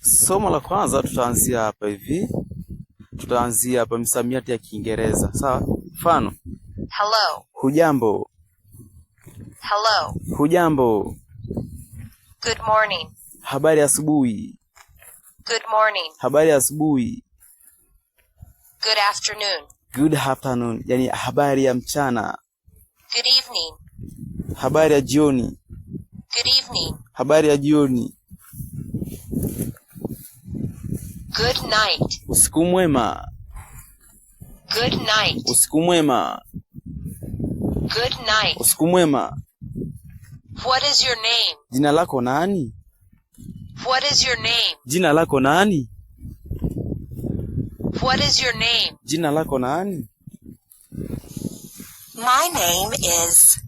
Somo la kwanza tutaanzia hapa hivi, tutaanzia hapa misamiati ya Kiingereza sawa. Mfano, hello, hujambo. Hello, hujambo. Good morning, habari asubuhi. Good morning, habari asubuhi. Good afternoon, good afternoon, yani habari ya mchana. Good evening, habari ya jioni. Good evening, habari ya jioni. Good night. Usiku mwema. Good night. Usiku mwema. Good night. Usiku mwema. What is your name? Jina lako nani? What is your name? Jina lako nani? What is your name? Jina lako nani? My name is.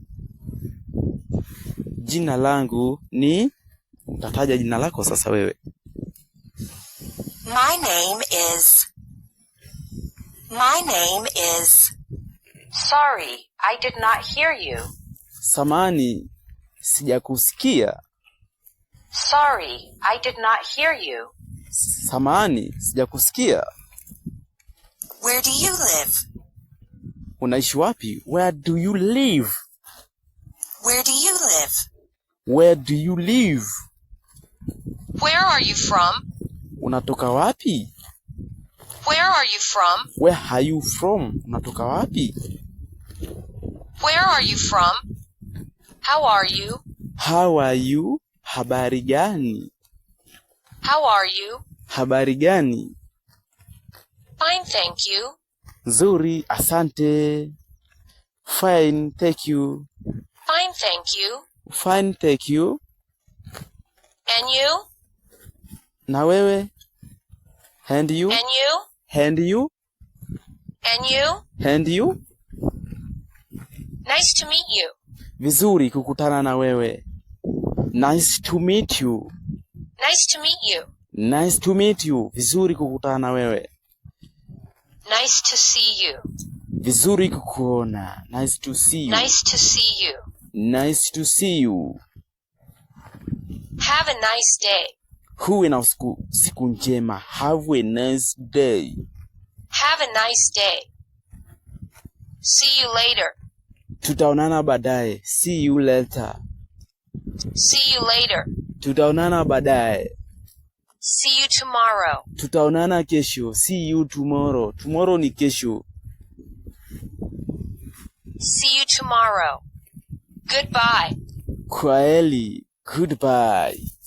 Jina langu ni. Utataja jina lako sasa wewe. My name is. My name is. Sorry, I did not hear you. Samani, sijakusikia. Sorry, I did not hear you. Samani, sijakusikia. Where do you live? Unaishi wapi? Where do you live? Where do you live? Where do you live? Where are you from? unatoka wapi? Where are you from? Where are you from? Unatoka wapi? Where are you from? How are you? How are you? Habari gani? How are you? Habari gani? Fine, thank you. Nzuri, asante. Fine, thank you. Fine, thank you. Fine, thank you. And you? Na wewe? And you. And you. And you. And you. And you. Nice to meet you. Vizuri kukutana na wewe. Nice to meet you. Nice to meet you. Nice to meet you. Vizuri kukutana na wewe. Nice to see you. Vizuri kukuona. Nice to see you. Nice to see you. Nice to see you. Have a nice day. Huwe na siku, siku njema. Have a nice day. Have a nice day. See you later. Tutaonana baadaye. See you later. See you later. Tutaonana baadaye. See you tomorrow. Tutaonana kesho. See you tomorrow. Tomorrow ni kesho. See you tomorrow. Goodbye. Kwaeli. Goodbye.